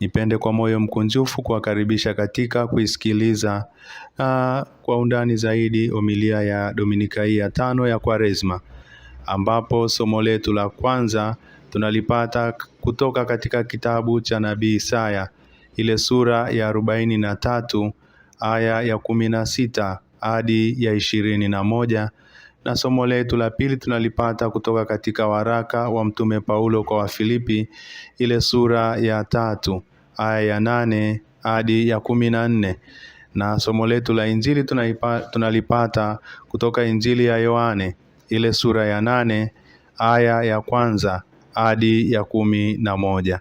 Nipende kwa moyo mkunjufu kuwakaribisha katika kuisikiliza uh, kwa undani zaidi homilia ya Dominika hii ya tano ya Kwaresma ambapo somo letu la kwanza tunalipata kutoka katika kitabu cha nabii Isaya ile sura ya arobaini na tatu aya ya kumi na sita hadi ya ishirini na moja na somo letu la pili tunalipata kutoka katika waraka wa Mtume Paulo kwa Wafilipi ile sura ya tatu aya ya nane hadi ya kumi na nne na somo letu la Injili tunalipata kutoka Injili ya Yohane ile sura ya nane aya ya kwanza hadi ya kumi na moja.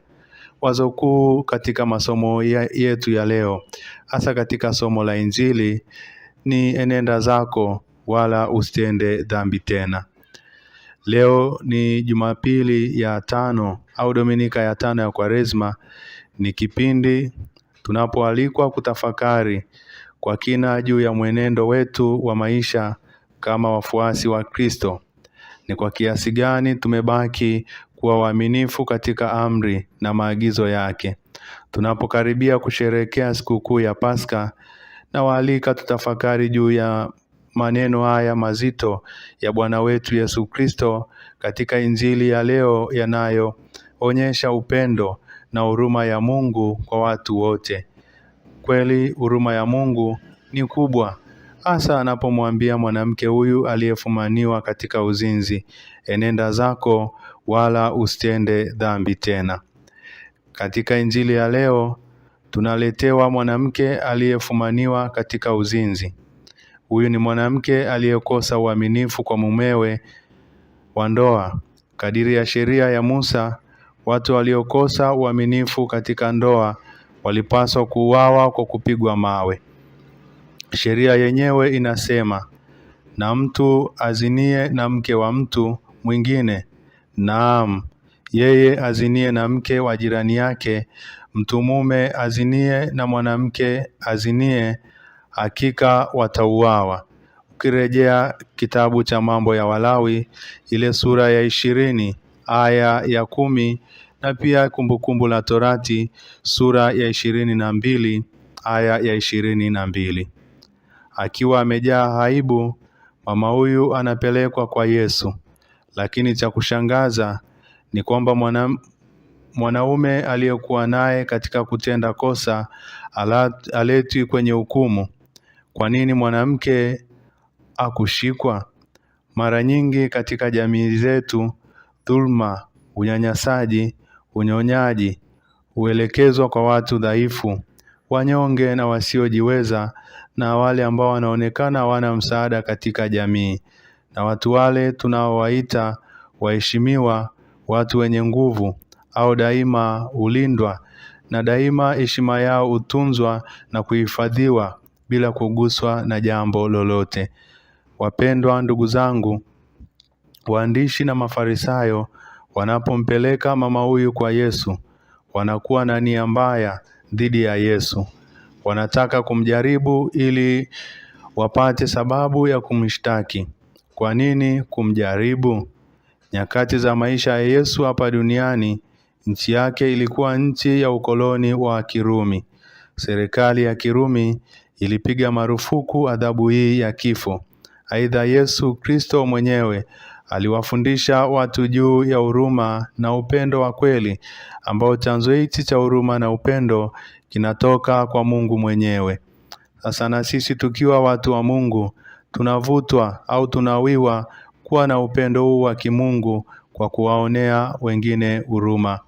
Wazo kuu katika masomo yetu ya leo, hasa katika somo la Injili ni enenda zako wala usitende dhambi tena. Leo ni Jumapili ya tano au Dominika ya tano ya Kwaresma, ni kipindi tunapoalikwa kutafakari kwa kina juu ya mwenendo wetu wa maisha kama wafuasi wa Kristo. Ni kwa kiasi gani tumebaki kuwa waaminifu katika amri na maagizo yake. Tunapokaribia kusherehekea sikukuu ya Pasaka na waalika tutafakari juu ya maneno haya mazito ya Bwana wetu Yesu Kristo katika Injili ya leo yanayoonyesha upendo na huruma ya Mungu kwa watu wote. Kweli huruma ya Mungu ni kubwa, hasa anapomwambia mwanamke huyu aliyefumaniwa katika uzinzi, enenda zako wala usitende dhambi tena. Katika Injili ya leo tunaletewa mwanamke aliyefumaniwa katika uzinzi. Huyu ni mwanamke aliyekosa uaminifu kwa mumewe wa ndoa. Kadiri ya sheria ya Musa, Watu waliokosa uaminifu katika ndoa walipaswa kuuawa kwa kupigwa mawe. Sheria yenyewe inasema, na mtu azinie na mke wa mtu mwingine, naam, yeye azinie na mke wa jirani yake, mtu mume azinie na mwanamke azinie, hakika watauawa. Ukirejea kitabu cha Mambo ya Walawi ile sura ya ishirini aya ya kumi na pia Kumbukumbu kumbu la Torati sura ya ishirini na mbili aya ya ishirini na mbili. Akiwa amejaa aibu, mama huyu anapelekwa kwa Yesu, lakini cha kushangaza ni kwamba mwana mwanaume aliyekuwa naye katika kutenda kosa aletwi kwenye hukumu. Kwa nini mwanamke akushikwa? Mara nyingi katika jamii zetu dhulma, unyanyasaji, unyonyaji huelekezwa kwa watu dhaifu, wanyonge na wasiojiweza, na wale ambao wanaonekana hawana msaada katika jamii, na watu wale tunaowaita waheshimiwa, watu wenye nguvu au daima hulindwa na daima heshima yao hutunzwa na kuhifadhiwa bila kuguswa na jambo lolote. Wapendwa ndugu zangu, Waandishi na Mafarisayo wanapompeleka mama huyu kwa Yesu, wanakuwa na nia mbaya dhidi ya Yesu. Wanataka kumjaribu ili wapate sababu ya kumshtaki. Kwa nini kumjaribu? Nyakati za maisha ya Yesu hapa duniani, nchi yake ilikuwa nchi ya ukoloni wa Kirumi. Serikali ya Kirumi ilipiga marufuku adhabu hii ya kifo. Aidha, Yesu Kristo mwenyewe Aliwafundisha watu juu ya huruma na upendo wa kweli ambao chanzo hichi cha huruma na upendo kinatoka kwa Mungu mwenyewe. Sasa na sisi tukiwa watu wa Mungu tunavutwa au tunawiwa kuwa na upendo huu wa kimungu kwa kuwaonea wengine huruma.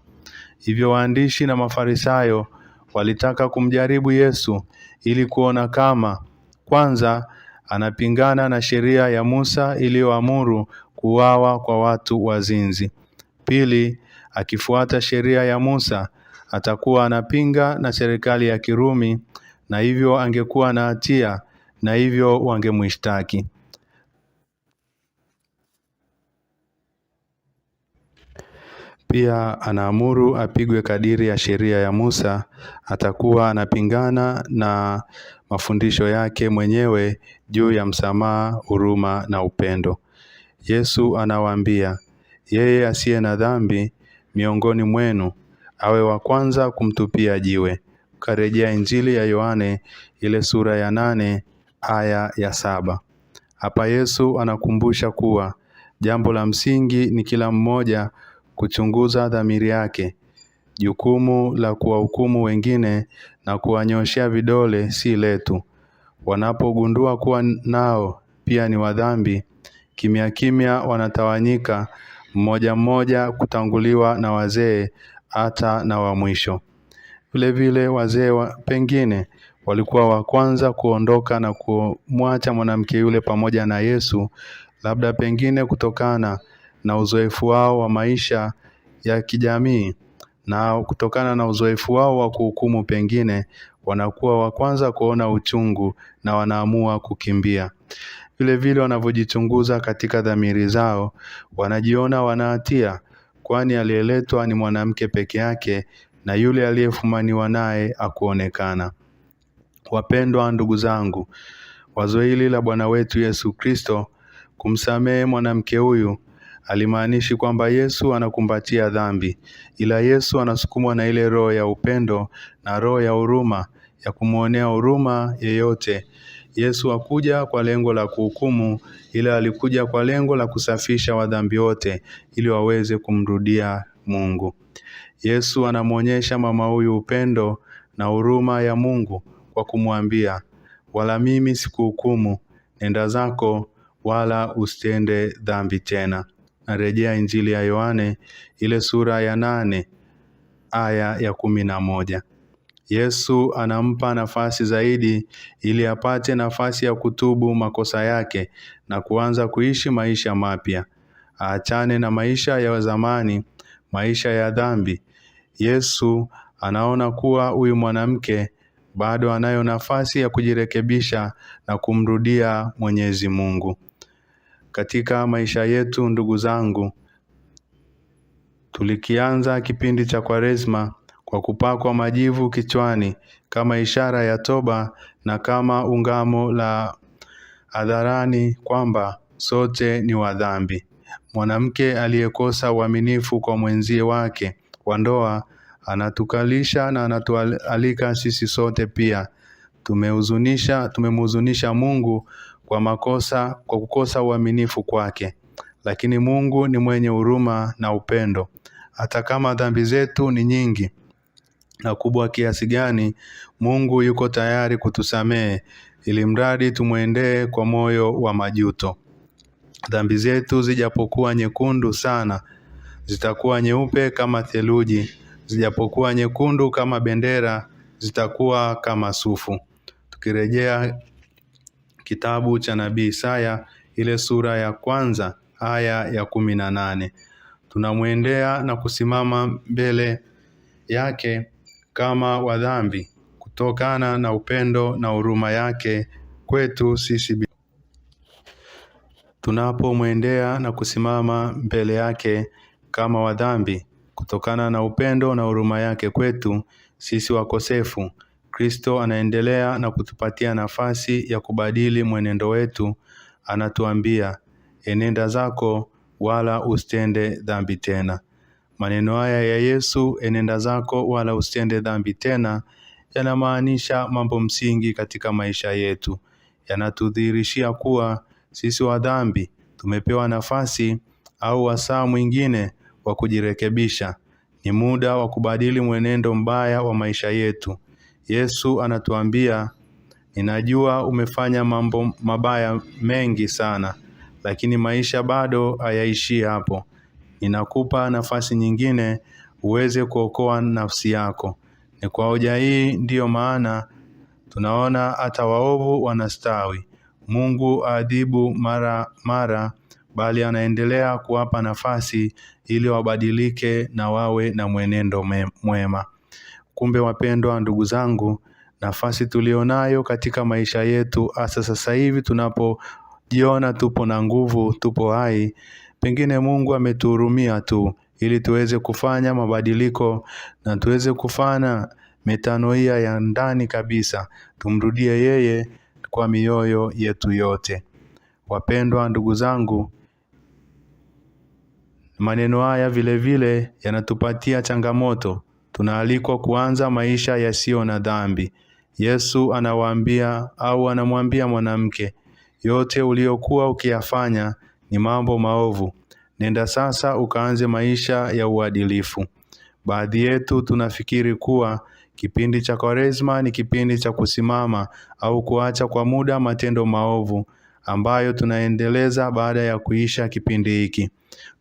Hivyo waandishi na Mafarisayo walitaka kumjaribu Yesu ili kuona kama kwanza anapingana na sheria ya Musa iliyoamuru kuuawa kwa watu wazinzi. Pili, akifuata sheria ya Musa atakuwa anapinga na serikali ya Kirumi na hivyo angekuwa na hatia na hivyo wangemwishtaki. Pia anaamuru apigwe kadiri ya sheria ya Musa. Atakuwa anapingana na mafundisho yake mwenyewe juu ya msamaha, huruma na upendo. Yesu anawaambia, yeye asiye na dhambi miongoni mwenu awe wa kwanza kumtupia jiwe. Karejea Injili ya Yohane ile sura ya nane aya ya saba. Hapa Yesu anakumbusha kuwa jambo la msingi ni kila mmoja kuchunguza dhamiri yake. Jukumu la kuwahukumu wengine na kuwanyoshea vidole si letu. Wanapogundua kuwa nao pia ni wadhambi, Kimya kimya wanatawanyika, mmoja mmoja kutanguliwa na wazee hata na wa mwisho. Vilevile wazee wa, pengine walikuwa wa kwanza kuondoka na kumwacha mwanamke yule pamoja na Yesu, labda pengine kutokana na uzoefu wao wa maisha ya kijamii na kutokana na uzoefu wao wa kuhukumu, pengine wanakuwa wa kwanza kuona uchungu na wanaamua kukimbia vile vile wanavyojichunguza katika dhamiri zao, wanajiona wanahatia, kwani aliyeletwa ni mwanamke peke yake na yule aliyefumaniwa naye akuonekana. Wapendwa ndugu zangu, wazo hili la Bwana wetu Yesu Kristo kumsamehe mwanamke huyu alimaanishi kwamba Yesu anakumbatia dhambi, ila Yesu anasukumwa na ile roho ya upendo na roho ya huruma ya kumwonea huruma yeyote Yesu hakuja kwa lengo la kuhukumu, ila alikuja kwa lengo la kusafisha wadhambi wote ili waweze kumrudia Mungu. Yesu anamwonyesha mama huyu upendo na huruma ya Mungu kwa kumwambia, wala mimi sikuhukumu, nenda zako, wala usitende dhambi tena. Narejea Injili ya Yohane ile sura ya nane aya ya kumi na moja. Yesu anampa nafasi zaidi ili apate nafasi ya kutubu makosa yake na kuanza kuishi maisha mapya. Aachane na maisha ya zamani, maisha ya dhambi. Yesu anaona kuwa huyu mwanamke bado anayo nafasi ya kujirekebisha na kumrudia Mwenyezi Mungu. Katika maisha yetu ndugu zangu, tulikianza kipindi cha Kwaresma kwa kupakwa majivu kichwani kama ishara ya toba na kama ungamo la hadharani kwamba sote ni wadhambi. Mwanamke aliyekosa uaminifu kwa mwenzie wake wa ndoa anatukalisha na anatualika sisi sote pia. Tumehuzunisha, tumemhuzunisha Mungu kwa makosa, kwa kukosa uaminifu kwake, lakini Mungu ni mwenye huruma na upendo. Hata kama dhambi zetu ni nyingi, na kubwa kiasi gani Mungu yuko tayari kutusamehe ili mradi tumwendee kwa moyo wa majuto. Dhambi zetu zijapokuwa nyekundu sana, zitakuwa nyeupe kama theluji; zijapokuwa nyekundu kama bendera, zitakuwa kama sufu. Tukirejea kitabu cha nabii Isaya ile sura ya kwanza aya ya kumi na nane tunamwendea na kusimama mbele yake kama wa dhambi kutokana na upendo na huruma yake kwetu sisi tunapomwendea na kusimama mbele yake kama wa dhambi kutokana na upendo na huruma yake kwetu sisi wakosefu. Kristo anaendelea na kutupatia nafasi ya kubadili mwenendo wetu. Anatuambia, enenda zako wala usitende dhambi tena. Maneno haya ya Yesu, enenda zako wala usitende dhambi tena, yanamaanisha mambo msingi katika maisha yetu. Yanatudhihirishia kuwa sisi wa dhambi tumepewa nafasi au wasaa mwingine wa kujirekebisha. Ni muda wa kubadili mwenendo mbaya wa maisha yetu. Yesu anatuambia, ninajua umefanya mambo mabaya mengi sana, lakini maisha bado hayaishii hapo inakupa nafasi nyingine uweze kuokoa nafsi yako. Ni kwa hoja hii ndiyo maana tunaona hata waovu wanastawi. Mungu aadhibu mara mara, bali anaendelea kuwapa nafasi ili wabadilike na wawe na mwenendo mwema. Kumbe wapendwa ndugu zangu, nafasi tulionayo katika maisha yetu, hasa sasa hivi tunapojiona tupo na nguvu, tupo hai, Pengine Mungu ametuhurumia tu ili tuweze kufanya mabadiliko na tuweze kufanya metanoia ya ndani kabisa, tumrudie yeye kwa mioyo yetu yote. Wapendwa ndugu zangu, maneno haya vile vile yanatupatia changamoto. Tunaalikwa kuanza maisha yasiyo na dhambi. Yesu anawaambia au anamwambia mwanamke, yote uliokuwa ukiyafanya ni mambo maovu. Nenda sasa ukaanze maisha ya uadilifu. Baadhi yetu tunafikiri kuwa kipindi cha Kwaresma ni kipindi cha kusimama au kuacha kwa muda matendo maovu ambayo tunaendeleza baada ya kuisha kipindi hiki.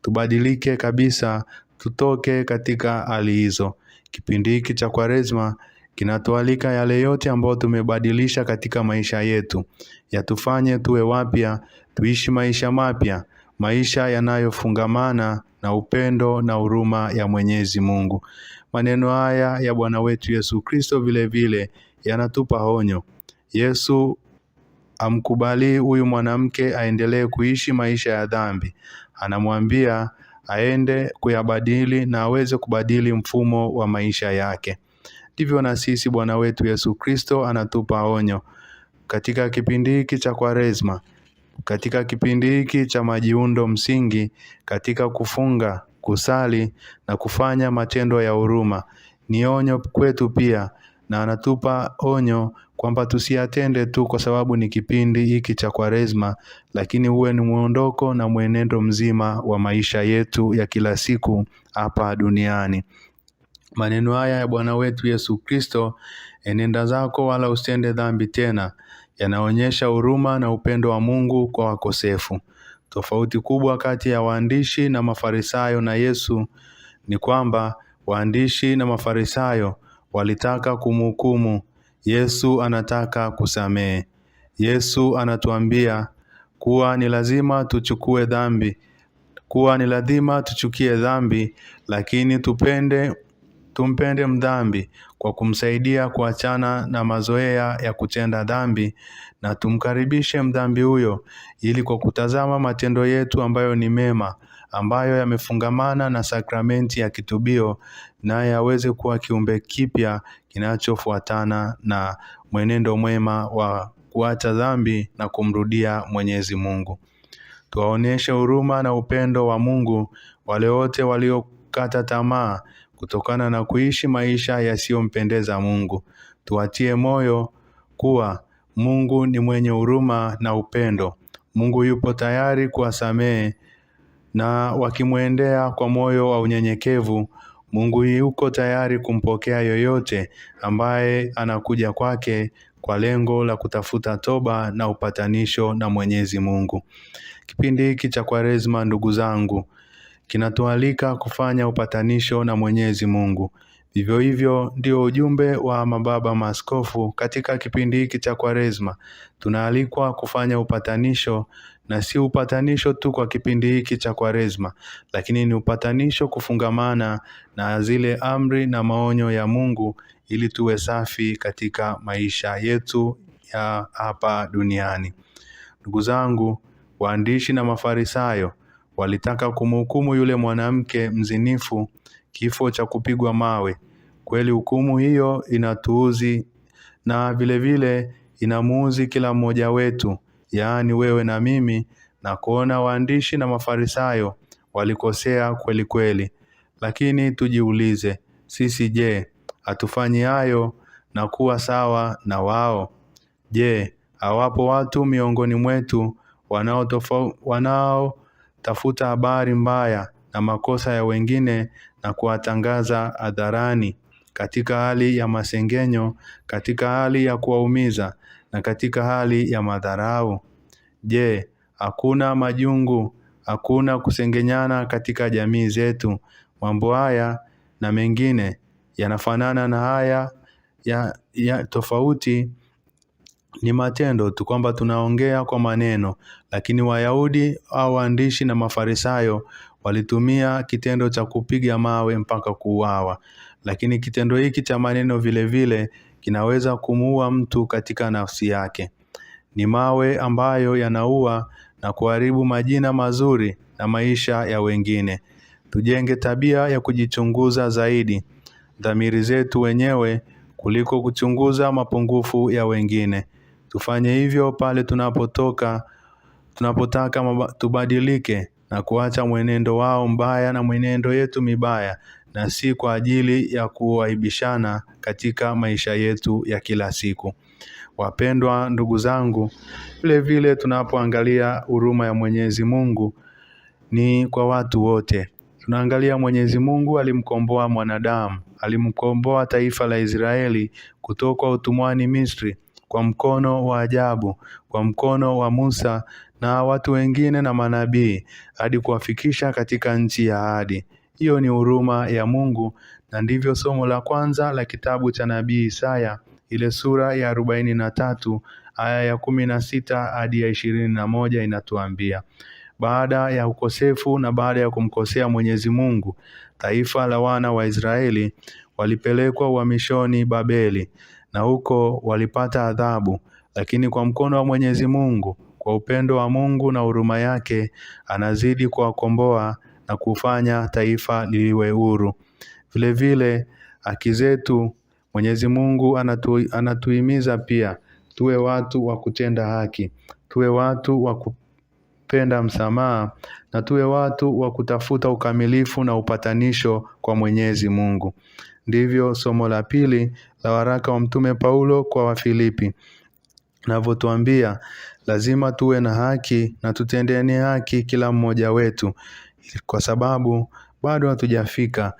Tubadilike kabisa, tutoke katika hali hizo. Kipindi hiki cha Kwaresma Kinatualika yale yote ambayo tumebadilisha katika maisha yetu, yatufanye tuwe wapya, tuishi maisha mapya, maisha yanayofungamana na upendo na huruma ya Mwenyezi Mungu. Maneno haya ya Bwana wetu Yesu Kristo vile vile yanatupa honyo. Yesu amkubali huyu mwanamke aendelee kuishi maisha ya dhambi. Anamwambia aende kuyabadili na aweze kubadili mfumo wa maisha yake. Hivyo na sisi Bwana wetu Yesu Kristo anatupa onyo katika kipindi hiki cha Kwaresma, katika kipindi hiki cha majiundo msingi, katika kufunga, kusali na kufanya matendo ya huruma. Ni onyo kwetu pia, na anatupa onyo kwamba tusiatende tu kwa sababu ni kipindi hiki cha Kwaresma, lakini uwe ni mwondoko na mwenendo mzima wa maisha yetu ya kila siku hapa duniani. Maneno haya ya Bwana wetu Yesu Kristo, enenda eh, zako wala usitende dhambi tena, yanaonyesha huruma na upendo wa Mungu kwa wakosefu. Tofauti kubwa kati ya waandishi na Mafarisayo na Yesu ni kwamba waandishi na Mafarisayo walitaka kumhukumu. Yesu anataka kusamehe. Yesu anatuambia kuwa ni lazima tuchukue dhambi, kuwa ni lazima tuchukie dhambi, lakini tupende Tumpende mdhambi kwa kumsaidia kuachana na mazoea ya kutenda dhambi na tumkaribishe mdhambi huyo ili kwa kutazama matendo yetu ambayo ni mema ambayo yamefungamana na sakramenti ya kitubio naye aweze kuwa kiumbe kipya kinachofuatana na mwenendo mwema wa kuacha dhambi na kumrudia Mwenyezi Mungu. Tuwaonyeshe huruma na upendo wa Mungu wale wote waliokata tamaa kutokana na kuishi maisha yasiyompendeza Mungu. Tuwatie moyo kuwa Mungu ni mwenye huruma na upendo. Mungu yupo tayari kuwasamehe na wakimwendea kwa moyo wa unyenyekevu, Mungu yuko tayari kumpokea yoyote ambaye anakuja kwake kwa lengo la kutafuta toba na upatanisho na Mwenyezi Mungu. Kipindi hiki cha Kwaresma, ndugu zangu, kinatualika kufanya upatanisho na Mwenyezi Mungu. Vivyo hivyo ndio ujumbe wa mababa maaskofu katika kipindi hiki cha Kwaresma. Tunaalikwa kufanya upatanisho na si upatanisho tu kwa kipindi hiki cha Kwaresma, lakini ni upatanisho kufungamana na zile amri na maonyo ya Mungu ili tuwe safi katika maisha yetu ya hapa duniani. Ndugu zangu, waandishi na Mafarisayo Walitaka kumhukumu yule mwanamke mzinifu kifo cha kupigwa mawe. Kweli hukumu hiyo inatuuzi na vilevile inamuuzi kila mmoja wetu, yaani wewe na mimi, na kuona waandishi na Mafarisayo walikosea kweli kweli. Lakini tujiulize sisi, je, hatufanyi hayo na kuwa sawa na wao? Je, hawapo watu miongoni mwetu wanao tofau, wanao tafuta habari mbaya na makosa ya wengine na kuwatangaza hadharani katika hali ya masengenyo, katika hali ya kuwaumiza na katika hali ya madharau. Je, hakuna majungu, hakuna kusengenyana katika jamii zetu? Mambo haya na mengine yanafanana na haya ya, ya tofauti ni matendo tu kwamba tunaongea kwa maneno, lakini Wayahudi au waandishi na Mafarisayo walitumia kitendo cha kupiga mawe mpaka kuuawa. Lakini kitendo hiki cha maneno vile vile kinaweza kumuua mtu katika nafsi yake. Ni mawe ambayo yanaua na kuharibu majina mazuri na maisha ya wengine. Tujenge tabia ya kujichunguza zaidi dhamiri zetu wenyewe kuliko kuchunguza mapungufu ya wengine. Tufanye hivyo pale tunapotoka tunapotaka tubadilike na kuacha mwenendo wao mbaya na mwenendo yetu mibaya na si kwa ajili ya kuwaibishana katika maisha yetu ya kila siku. Wapendwa ndugu zangu, vile vile tunapoangalia huruma ya Mwenyezi Mungu ni kwa watu wote. Tunaangalia Mwenyezi Mungu alimkomboa mwanadamu, alimkomboa taifa la Israeli kutoka utumwani Misri kwa mkono wa ajabu, kwa mkono wa Musa na watu wengine na manabii, hadi kuwafikisha katika nchi ya ahadi. Hiyo ni huruma ya Mungu, na ndivyo somo la kwanza la kitabu cha nabii Isaya ile sura ya arobaini na tatu aya ya kumi na sita hadi ya ishirini na moja inatuambia baada ya ukosefu na baada ya kumkosea Mwenyezi Mungu, taifa la wana wa Israeli walipelekwa uhamishoni Babeli, na huko walipata adhabu, lakini kwa mkono wa Mwenyezi Mungu, kwa upendo wa Mungu na huruma yake, anazidi kuwakomboa na kufanya taifa liliwe huru. Vile vile haki zetu Mwenyezi Mungu anatu, anatuhimiza pia tuwe watu wa kutenda haki, tuwe watu wa kupenda msamaha na tuwe watu wa kutafuta ukamilifu na upatanisho kwa Mwenyezi Mungu. Ndivyo somo la pili la waraka wa Mtume Paulo kwa Wafilipi navyotuambia lazima tuwe na haki na tutendeane haki kila mmoja wetu, kwa sababu bado hatujafika,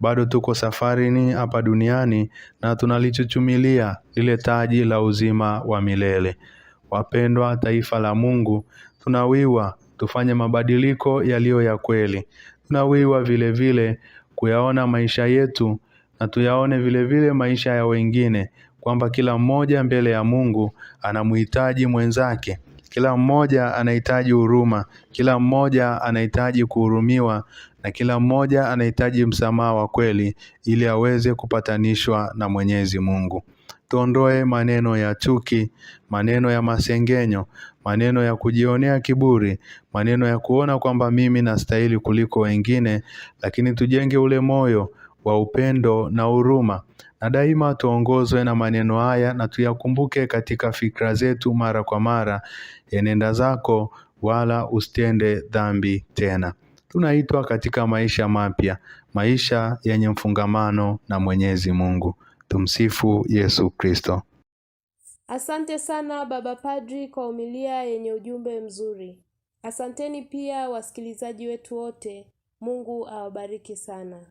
bado tuko safarini hapa duniani na tunalichuchumilia lile taji la uzima wa milele. Wapendwa taifa la Mungu, tunawiwa tufanye mabadiliko yaliyo ya kweli, tunawiwa vile vile kuyaona maisha yetu na tuyaone vile vile maisha ya wengine kwamba kila mmoja mbele ya Mungu anamhitaji mwenzake. Kila mmoja anahitaji huruma, kila mmoja anahitaji kuhurumiwa na kila mmoja anahitaji msamaha wa kweli ili aweze kupatanishwa na Mwenyezi Mungu. Tuondoe maneno ya chuki, maneno ya masengenyo, maneno ya kujionea kiburi, maneno ya kuona kwamba mimi nastahili kuliko wengine, lakini tujenge ule moyo wa upendo na huruma, na daima tuongozwe na maneno haya na tuyakumbuke katika fikra zetu mara kwa mara: enenda zako wala usitende dhambi tena. Tunaitwa katika maisha mapya, maisha yenye mfungamano na Mwenyezi Mungu. Tumsifu Yesu Kristo. Asante sana Baba Padri kwa umilia yenye ujumbe mzuri. Asanteni pia wasikilizaji wetu wote. Mungu awabariki sana.